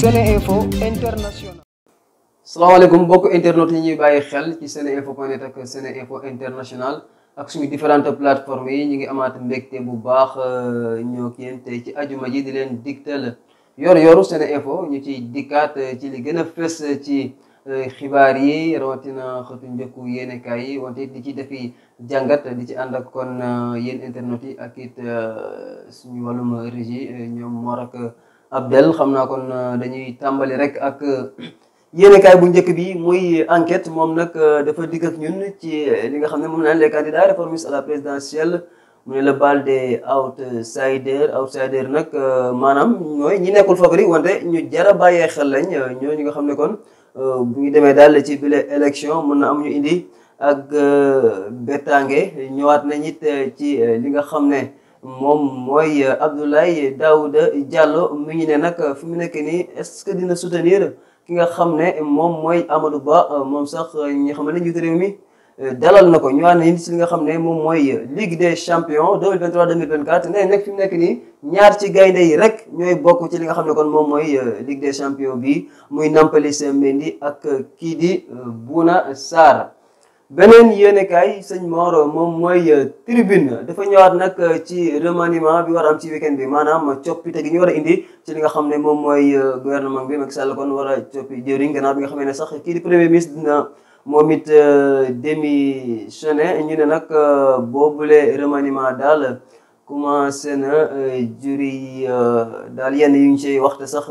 SeneInfo International. salaamaaleykum mbokk internet yi ñuy bàyyi xel ci SeneInfo point net ak International ak suñu différentes plateforme yi ñu ngi amaat mbégte bu baax euh, ñoo kii yéen ci ajuma ji di leen la yor-yoru SeneInfo ñu ci dikkaat euh, ci li gën a fës ci. Euh, xibaar yi rawatina xëtu njëkku yéenekaay yi wante di ci defi jàngat di ci ànd ak kon yéen internet yi ak it suñu wàllum régie ñoom moo Abdel xam naa kon euh, dañuy tàmbali rek ak euh, yéenekaay bu njëkk bi muy enquête moom nag euh, dafa digg ak ñun ci li nga xam ne moom naan les candidats réformistes à la présidentielle mu ne la bal des outsiders outsiders nag maanaam ñooy ñi nekkul favori wante ñu jar a bàyyee xel lañ ñoo ñi nga xam ne kon bu ñu demee daal ci bile élection mën na am ñu indi ak bettange ñëwaat nañ it ci li nga xam ne moom mooy Abdoulaye Daouda jàll mi ñu ne nag fi mu nekk nii est-ce que dina soutenir ki nga xam ne moom mooy Amadou Ba moom sax ñi xam ne njiitu réew mi euh, dalal na ko ñu ànd ci li nga xam ne moom mooy Ligue des champions 2023 2024 nee nekk fi mu nekk nii ñaar ci gaynde yi rek ñooy bokk ci li nga xam ne kon moom mooy euh, Ligue des champions bi muy Nampalys Mendy ak kii di euh, Bouna Sarr. beneen yéenekaay sëñ Mor moom mooy euh, tribune dafa ñëwaat nag euh, ci remaniement bi war a am ci week-end bi maanaam coppite gi ñu war a indi ci li nga xam ne moom mooy euh, gouvernement bi Macky Sall kon war a coppi jëriñ gannaaw bi nga xam ne sax kii di premier ministre dina moom it démissionné ñu ne nag boobule remaniement daal commencé na juri daal yenn yu ñu ciy waxte sax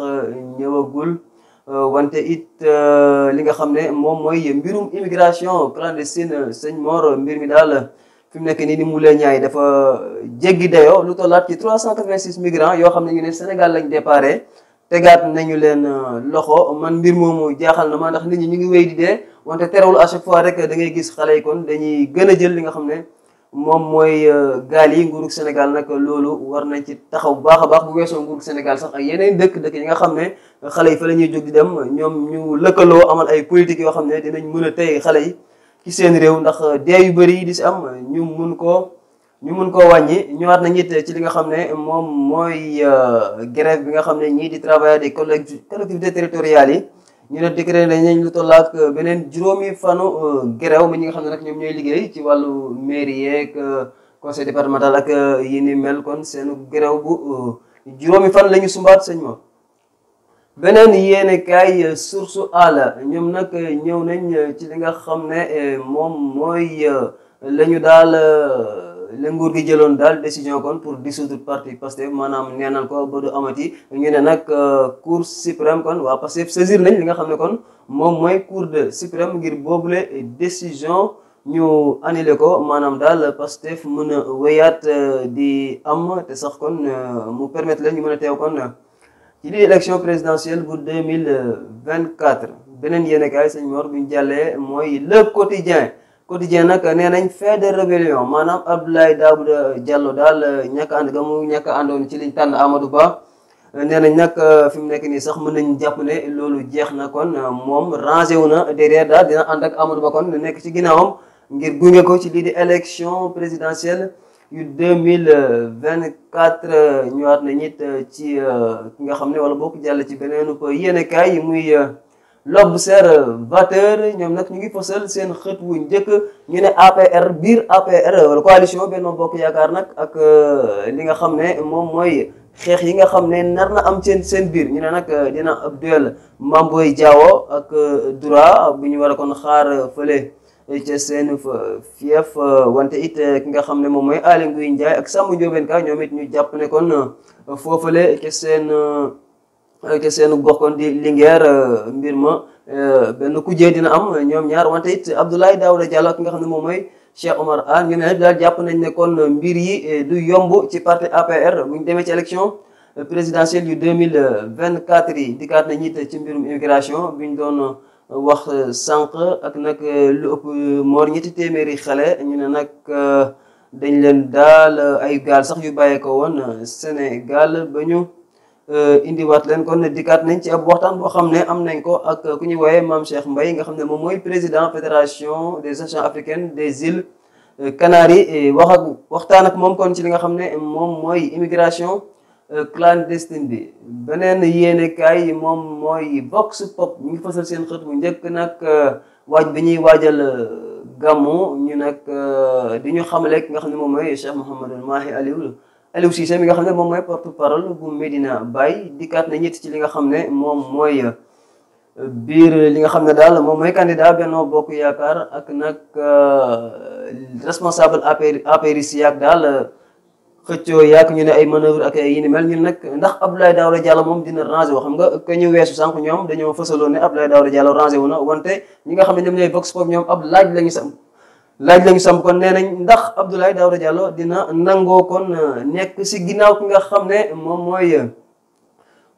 ñëwagul. Euh, wante it euh, li nga xam ne moom mooy mbirum immigration clandestine sëñ Mor mbir mi daal fi mu nekk nii ni mu lee ñaay dafa euh, jéggi dayoo lu tollaat ci 386 migrants yoo xam ne ñu ne Sénégal lañ déparé tegaat nañu leen loxo man mbir moomu jaaxal na ma ndax nit ñi ñu ngi wéy di dee wante terewul à chaque fois rek da ngay gis xale yi kon dañuy gën a jël li nga xam ne moom mooy euh, gaal yi nguurug Sénégal nag loolu war na ci taxaw bu baax a baax bu weesoo nguurug Sénégal sax ak yeneen dëkk-dëkk yi nga xam ne xale yi fa la ñuy jóg di dem ñoom ñu lëkkaloo amal ay politique yoo xam ne dinañ mën a tey xale yi ci seen réew ndax euh, dee yu bëri yi di si am ñu mun koo ñu mun koo wàññi ñëwaat nañ it ci li nga xam ne moom mooy euh, grève bi nga xam ne ñii di travailler des collectivités territoriales yi ñu ne décret nañ lu toll ak beneen juróomi fanu euh, grève mi ñi nga xam ne nag ñoom ñooy liggéey ci wàllu mairie yeeg euh, conseil départemental ak euh, yi ni mel kon seen grève bu fan la ñu sumbaat sëñ ma beneen yéene kaay source àll ñoom nag ñëw nañ ci li nga xam ne moom mooy la ñu daal le nguur gi jëloon daal décision kon pour dissoudre parti Pastef maanaam neenal ko ba du amati ñu ne nag euh, cour suprême kon waa Pastef saisir nañ li nga xam ne kon moom mooy cour de suprême ngir boobule décision ñu annulé ko maanaam daal Pastef mën a wéyaat euh, di am te sax kon euh, mu permettre la ñu mën a teew kon ci li élection présidentielle bu 2024 beneen yéen a kaay sëñ Mor bu ñu jàllee mooy le quotidien quotidien nag nee nañ fait de rébellion maanaam Abdoulaye Daouda Diallo daal euh, ñàkk ànd ga mu ñàkk àndoon ci liñ tànn Amadou Ba euh, nee nañ nag euh, fi mu nekk nii sax mu nañ jàpp loolu jeex na kon moom rangé wu na derrière daal dina ànd ak Amadou Ba kon nekk ci ginnaawam ngir gunge ko ci lii di élection présidentielle yu deux mille vingt quatre ñëwaat na ñit ci ki nga xam ne wala bokk jàll ci beneen yéenekaay yi muy. l'observateur euh, ñoom nag ñu ngi fësal seen xët wu njëkk ñu ne APR biir APR wala coalition Benno Bokk Yaakaar nag ak euh, li nga xam ne moom mooy xeex yi nga xam ne nar na am seen seen biir ñu ne nag euh, dina ab duel Mamboy Diawo ak Dura bu ñu war a kon xaar fële ca seen fief wante it ki nga xam ne moom mooy Aly Ngouille Ndiaye ak Samba Ndiobène Ka ñoom it ñu jàpp ne kon foofale ca seen ke seen gox kon di Linguère euh, mbir ma euh, benn ku jee dina am ñoom ñaar wante it Abdoulaye Daouda Diallo ak nga xam ne moom mooy Cheikh Omar Anne ñoom daal jàpp nañ ne kon mbir yi euh, du yomb ci parti APR mu ñu demee ci élection présidentielle yu quatre yi di dikkaat nañ it ci mbirum immigration bi ñu doon wax sànq ak nag lu ëpp moor ñetti téeméeri xale ñu ne nag dañ leen daal ay gaal sax yu bàyyee ko woon Sénégal ba ñu Euh, indiwaat leen kon ne dikaat nañ ci ab waxtaan boo xam ne am nañ ko ak ku ñuy woowee Mame Cheikh Mbaye nga xam ne moom mooy président fédération des associations africaines des îles euh, Canaries wax ak waxtaan ak moom kon ci li nga xam ne moom mooy immigration euh, clandestine bi. beneen yéene kaay moom mooy vox pop ñu fasal seen xët mu njëkk nag waaj bi ñuy waajal gàmmu ñu nag di ñu xamale ki nga xam ne moom mooy Cheikh Mouhamadul Mahi Alioune. Aliou Cissé mi nga xam ne moom mooy porte parole bu Medina Baye dikkaat na ñett ci li nga xam ne moom mooy euh, biir li nga xam ne daal moom mooy candidat Benno Bokk Yaakaar ak nag euh, responsable APR APRIS yaak daal euh, xëccoo yaak ñu ne ay manœuvre ak ay yi ni mel ñun nag ndax Abdoulaye Daouda moom dina rangé woo xam nga que ñu weesu sànq ñoom dañoo fësaloon ne Abdoulaye Daouda Diallo wu na wante ñi nga xam ne ñoom ñooy bokk Pop ñoom ab laaj la ñu sam laaj lañu sam kon nee nañ ndax Abdoulaye Daouda Diallo dina nangoo kon euh, nekk si ginnaaw ki nga xam ne moom mooy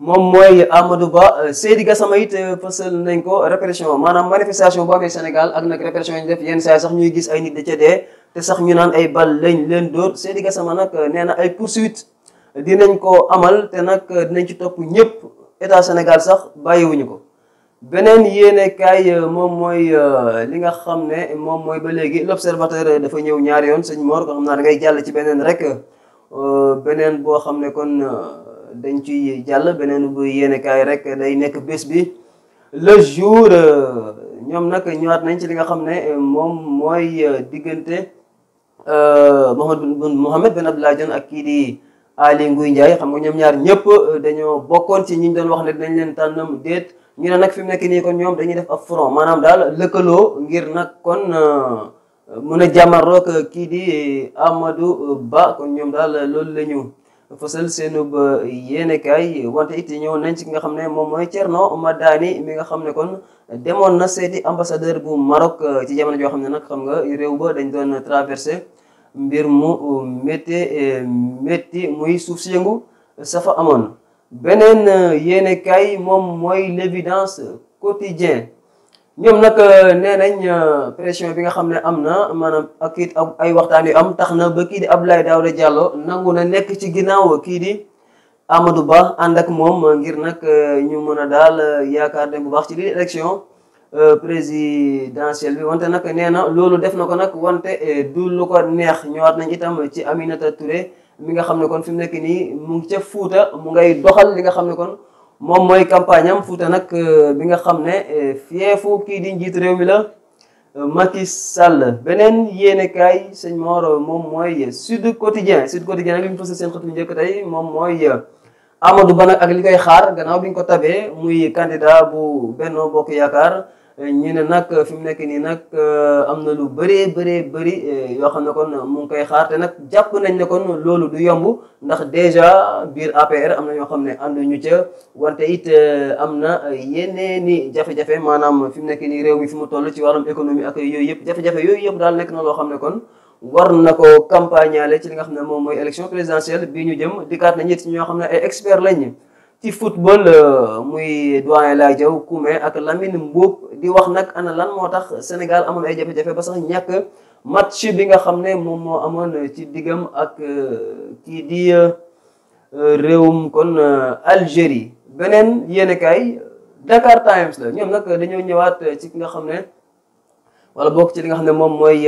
moom mooy Amadou Ba euh, Seydi Gassama it euh, fësal nañ ko répression maanaam manifestation boo amee Sénégal ak nag répression yi def yenn saa sax ñuy gis ay nit da ca te sax ñu naan ay bal lañ leen dóor Seydi Gassama nag nee na ay poursuite dinañ ko amal te nag dinañ ci topp ñëpp état Sénégal sax bàyyiwuñu ko beneen yéenekaay euh, moom mooy euh, li nga xam ne moom mooy ba léegi l'observateur euh, dafa ñëw ñaari yoon sëñ Mor ko xam naa da ngay jàll ci beneen rek beneen boo xam ne kon dañ ciy jàll beneen bu yéenekaay rek day nekk bés bi le jour ñoom nag ñëwaat nañ ci li nga xam ne moom mooy diggante Mohamed Mohamed Ben Abdallah Dionne ak kii di Ali Nguy njaay xam nga ñoom ñaar ñëpp dañoo bokkoon ci ñi doon wax ne dinañ leen tànnam déet ñu ne nag fi mu nekk nii kon ñoom dañuy def ab front maanaam daal lëkkaloo ngir nag kon euh, mën a jàmmarloog kii di euh, Amadou Ba kon ñoom daal loolu la ñu fësal seenub euh, yéenekaay wante it ñëw nañ ci ki nga xam ne moom mooy Thierno Madani mi nga xam ne kon demoon na seeti ambassadeur bu Maroc ci jamono joo xam ne nag xam nga réew ba dañ doon traversé mbir mu métti métti muy suuf si yëngu safa amoon beneen euh, yéenekaay moom mooy l'évidence quotidien ñoom nag euh, nee nañ euh, pression bi nga xam ne am na maanaam ak it ay waxtaan yu am tax na ba kii di Abdoulaye Daouda Diallo nangu na nekk ci ginnaaw kii di Amadou Ba ànd ak moom ngir nag ñu mën a daal yaakaar ne bu baax ci lii élection présidentielle bi wante nag nee na loolu def na ko nag wante du lu ko neex ñëwaat nañ itam ci Aminata Touré. mi nga xam ne kon fi mu nekk nii mu ngi ca Fuuta mu ngay doxal li nga xam ne kon moom mooy campagne Fuuta nag euh, bi nga xam ne euh, fieefu kii di njiit réew mi la euh, Macky Sall beneen yéenekaay sëñ Mor moom mooy Sud Quotidien Sud Quotidien nag li ñu fës seen xët bu njëkk tey moom mooy Amadou Ba nag ak li koy xaar gannaaw bi ñu ko tabee muy candidat bu Benno Bokk Yaakaar ñu ne nag fi mu nekk nii nag am na lu bëree bëree bëri yoo xam ne kon mu ngi koy xaar te nag jàpp nañ ne kon loolu du yomb ndax déjà biir APR am na ñoo xam ne ànd ñu ca wante it am na yeneeni jafe-jafe maanaam fi mu nekk nii réew mi fi mu toll ci wàllum économie ak yooyu yëpp jafe-jafe yooyu yëpp daal nekk na loo xam ne kon war na ko campagneale ci li nga xam ne moom mooy élection présidentielle bii ñu jëm dikkaat nañ it ñoo xam ne ay experts lañ ci football muy doyen Laye Diaw Koumé ak Lamine Mboup di wax nag ana lan moo tax Sénégal amoon ay jafe-jafe ba sax ñàkk match bi nga xam ne moom moo amoon ci diggam ak euh, kii di euh, réewum kon euh, Algérie beneen yéenekaay Dakar Times la ñoom nag dañoo ñëwaat ci ki nga xam ne wala bokk ci li nga xam ne moom mooy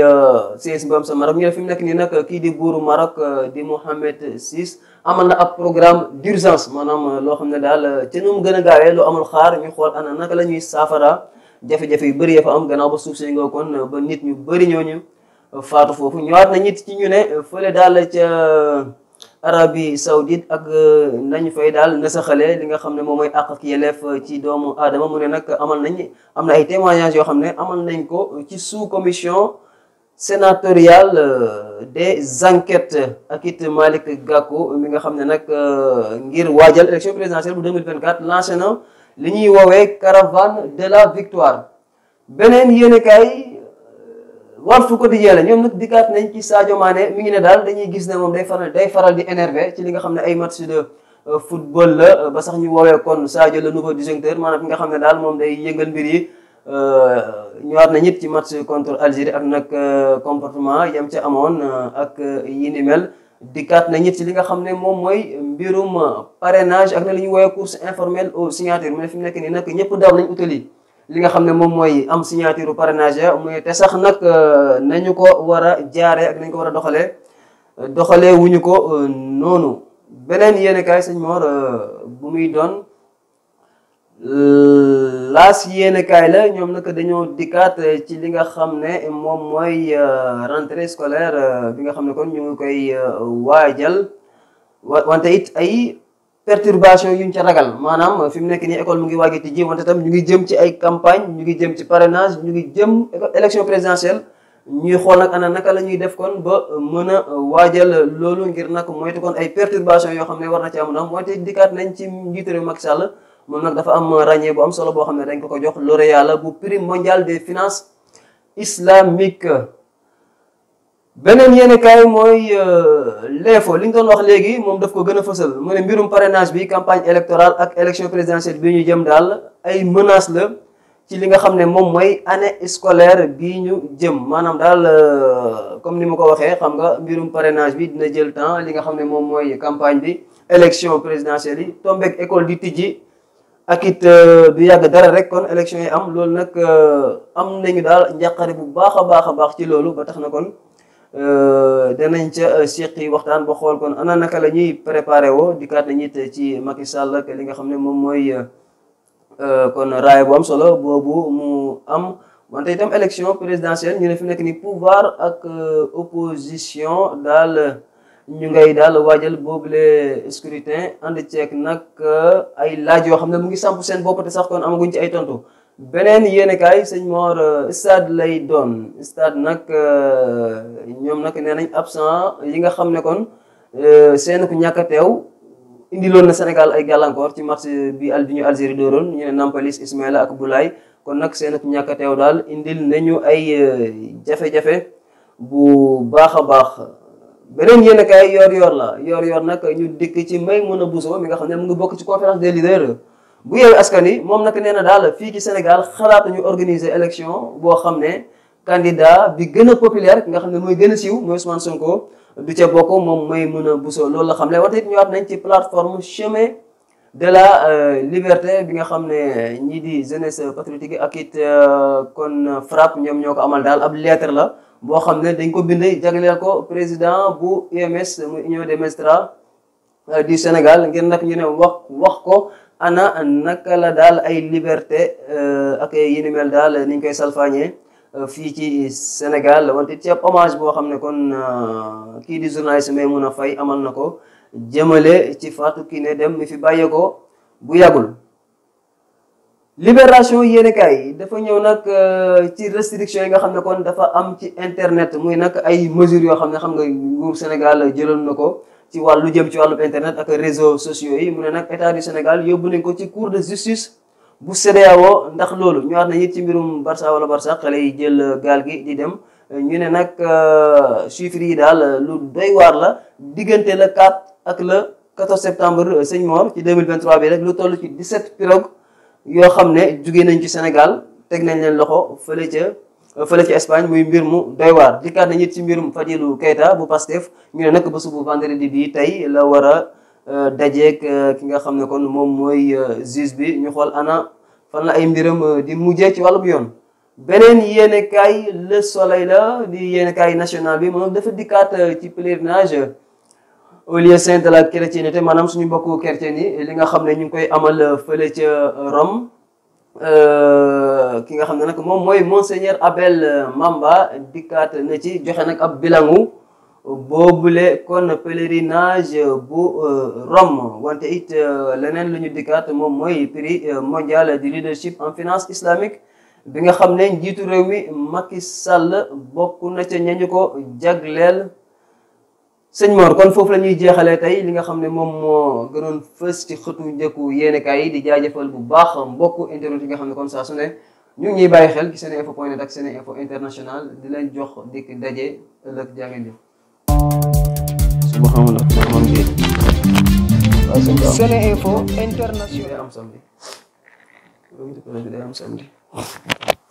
CES bi am sa Maroc ñu ne fi mu nekk nii nag kii di buuru Maroc di Mohamed VI amal na ab programme d'urgence maanaam loo xam ne daal ci nu mu gën a gaawee lu amul xaar ñu xool ana naka lañuy ñuy saafara jafe-jafe yu bëri ya fa am gannaaw ba suuf si nga kon euh, ba nit ñu bëri ñooñu euh, faatu foofu waat na ñit ci ñu ne euh, fële daal ca Arabie Saoudite ak nañu fay daal nasaxale li nga xam ne moom mooy àq ak yelleef ci doomu aadama mu ne nag amal nañ am na ay témoignages yoo xam ne amal nañ ko ci sous commission sénatoriale des enquêtes ak it Malick Gakou mi nga xam ne nag ngir waajal élection présidentielle bu 2024 lancé na li ñuy woowee caravane de la victoire beneen yéenekaay euh, Walf Quotidien la ñoom nag dikkaat nañ ci Sadio maane mi ngi ne daal dañuy gis ne moom day faral day faral di énervé ci li nga xam ne ay match de euh, football la euh, ba sax ñu woowee kon saajo le nouveau disjoncteur maanaam ki nga xam ne daal moom day yëngal mbir yi ñëwaat na ñit ci match contre Algérie ak nag comportement yam ci amoon ak yi ni mel dikkaat nañu si li nga xam ne moom mooy mbirum euh, parrainage ak na li ñu woowee course informelle aux signatures mais fi mu nekk nii nag ñëpp daw nañ utali li nga xam ne moom mooy am signature parrainage ya mooy te sax nag euh, nañu ko war a jaaree ak nañu ko war a doxalee euh, doxalee wuñu ko noonu beneen yéen kaay sëñ Mor bu muy doon laas yéenekaay la ñoom nag dañoo dikkaat eh, ci li nga xam ne moom mooy eh, rentrée scolaire eh, bi nga xam ne kon ñu ngi koy waajal wante it ay perturbation yuñ ca ragal maanaam fi mu nekk nii école mu ngi waaj a tijji wante tam ñu ngi jëm ci ay campagne ñu ngi jëm ci parrainage ñu ngi jëm élection présidentielle ñuy xool nag ana naka la ñuy def kon ba mën a waajal loolu ngir nag moytu kon ay perturbation yoo xam ne war na ci am ndax moyte dikkaat nañ ci njiitu réew Macky Sall moom nag dafa am ràññee bu am solo boo xam ne dañ ko ko jox lauréat la bu prix mondial des finances islamiques beneen yéen kaay mooy euh, l'info li ñu doon wax léegi moom daf ko gën a fësal mu ne mbirum parrainage bi campagne électorale ak élection présidentielle bi ñu jëm daal ay menace la ci li nga xam ne moom mooy année scolaire bi ñu jëm maanaam daal euh, comme ni ma ko waxee xam nga mbirum parrainage bi dina jël temps li nga xam ne moom mooy campagne bi élection présidentielle yi ak it euh, du yàgg dara rek kon élection yi am loolu nag euh, am nañu daal njàqare bu baax a baax a baax ci loolu ba tax na kon euh, nañ ca seqi waxtaan ba xool kon ana naka la ñuy wo woo dikkaat nañ te ci Macky Sall ak li nga xam ne moom mooy kon raaya bu am solo boobu mu am wante itam election présidentielle ñu ne fi nekk ni pouvoir ak opposition daal ñu ngay daal waajal boobule scrutin ànd ceeg nag uh, ay laaj yoo xam ne mu ngi samp seen bopp te sax kon amaguñ ci ay tontu beneen yéenekaay sëñ Mor uh, stade lay doon stade nag uh, ñoom nag nee nañ absent yi nga xam ne kon seen ku ñàkk a teew indiloon na Sénégal ay gàllankoor ci match bi al bi ñu Algérie dooroon ñu ne Nampalis Ismaïla ak bulaay kon nag seen ku ñàkk daal indil nañu ay jafe-jafe bu baax a baax. beneen yéen kay yoor yoor la yoor yoor nag ñu dikk ci Maimouna Bousso mi nga xam ne mu ngi bokk ci conférence des leaders bu yeewu askan yi moom nag nee na daal fii ci Sénégal xalaat ñu organiser élection boo xam ne candidat bi gën a ki nga xam ne mooy gën a siiw mooy Ousmane Sonko du ca bokk moom Maimouna Bousso loolu la xam ne wante it ñëwaat nañ ci plateforme chemin de la euh, liberté bi nga xam ne ñii di jeunesse patriotique ak it euh, kon FRAPP ñoom ñoo ko amal daal ab lettre la boo xam ne dañ ko bind jagleel ko président bu UMS muy union des magistrats euh, du Sénégal ngir nag ñu ne wax wax ko ana naka la daal ay liberté euh, ak yi daal niñ koy salfaañee euh, fii ci Sénégal wante ceeb hommage boo xam ne kon kii di journaliste Maimouna fay amal na ko jëmale ci Fatou Kiné Dème mi fi bàyyee ko bu yàggul libération yéenekaay dafa ñëw nag euh, ci restriction yi nga xam ne kon dafa am ci internet muy nag ay mesures yoo xam ne xam nga nguur Sénégal jëloon na ko ci wàllu jëm ci wàllu internet ak réseau sociaux yi mu ne nag état du Sénégal yóbbu nañ ko ci cour de justice bu CEDEAO ndax loolu ñu wax na it ci mbirum Barça wala Barça xale yi jël gaal gi di dem ñu ne nag euh, chiffres yi daal lu doy waar la diggante le 4 ak le 14 septembre sëñ Mor ci 2023 bi rek lu toll yoo xam ne jugee nañ ci Sénégal teg nañ leen loxo fële ca fële ca Espagne muy mbir mu doy waar dikkaat nañ it ci mbirum Fadilou Keita bu Pastef ñu ne nag ba subu vendredi bi tey la war a euh, dajeek euh, ki nga xam ne kon moom mooy euh, juge bi ñu xool ana fan la ay mbiram di mujjee ci wàllum yoon. beneen yéenekaay Le Soleil la di yéenekaay national bi moom dafa dikkaat ci pèlerinage. au lieu saint de la chrétienté maanaam suñu mbokku chrétien yi li nga xam ne ñu ngi koy amal fële ca Rome euh, ki nga xam ne nag moom mooy monseigneur Abel Mamba dikkaat na ci joxe nag ab bilangu boobule kon pèlerinage bu euh, Rome wante it euh, leneen lu ñu dikkaat moom mooy prix mondiale di leadership en finance islamique bi nga xam ne njiitu réew mi Macky sal bokk na ca ñañu ko jagleel sëñ Mor kon foofu la ñuy jeexalee tey li nga xam ne moom moo gënoon fës ci xëtu njëkku yéenekaay yi di jaajëfal bu baax mbokk internet yi nga xam ne kon saa su ne ñu ngi ñuy bàyyi xel ci seen info point net ak seen info international di leen jox dikk daje ëllëg jàngeen jëf. suba xam nga man man kii. waaw sëñ bi seen info international. day am samedi. day am samedi.